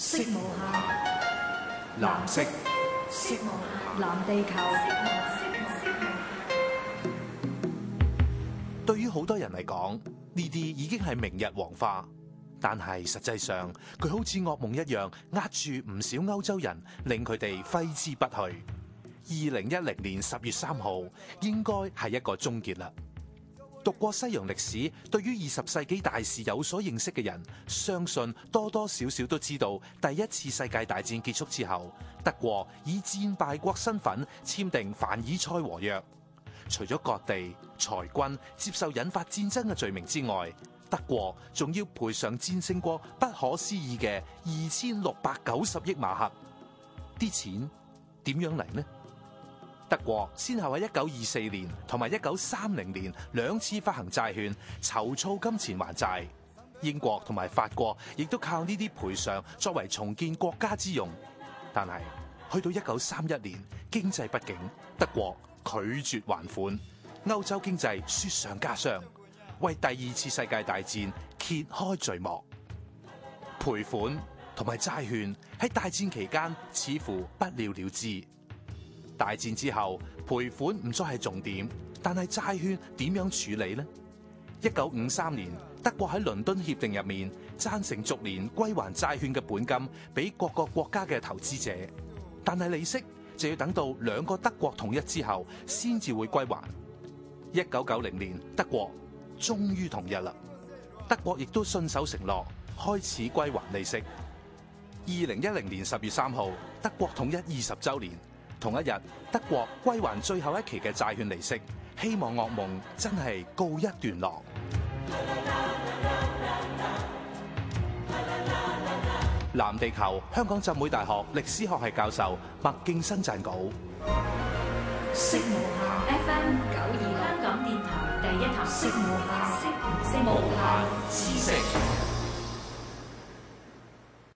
色無下藍色。色無下，藍地球。對於好多人嚟講，呢啲已經係明日黃花，但係實際上佢好似噩夢一樣，壓住唔少歐洲人，令佢哋揮之不去。二零一零年十月三號，應該係一個終結啦。讀過西洋歷史，對於二十世紀大事有所認識嘅人，相信多多少少都知道第一次世界大戰結束之後，德國以戰敗國身份簽訂凡爾賽和約。除咗割地裁軍接受引發戰爭嘅罪名之外，德國仲要賠償戰勝國不可思議嘅二千六百九十億馬克。啲錢點樣嚟呢？德國先後喺一九二四年同埋一九三零年兩次發行債券，籌措金錢還債。英國同埋法國亦都靠呢啲賠償作為重建國家之用。但係去到一九三一年，經濟不景，德國拒絕還款，歐洲經濟雪上加霜，為第二次世界大戰揭開序幕。賠款同埋債券喺大戰期間似乎不了了之。大戰之後，賠款唔再係重點，但係債券點樣處理呢？一九五三年，德國喺倫敦協定入面贊成逐年歸還債券嘅本金俾各個國家嘅投資者，但係利息就要等到兩個德國統一之後先至會歸還。一九九零年，德國終於統一了，德國亦都信守承諾，開始歸還利息。二零一零年十月三號，德國統一二十周年。同一日，德國歸還最後一期嘅債券利息，希望噩夢真係告一段落。藍地球，香港浸會大學歷史學系教授麥勁生撰稿。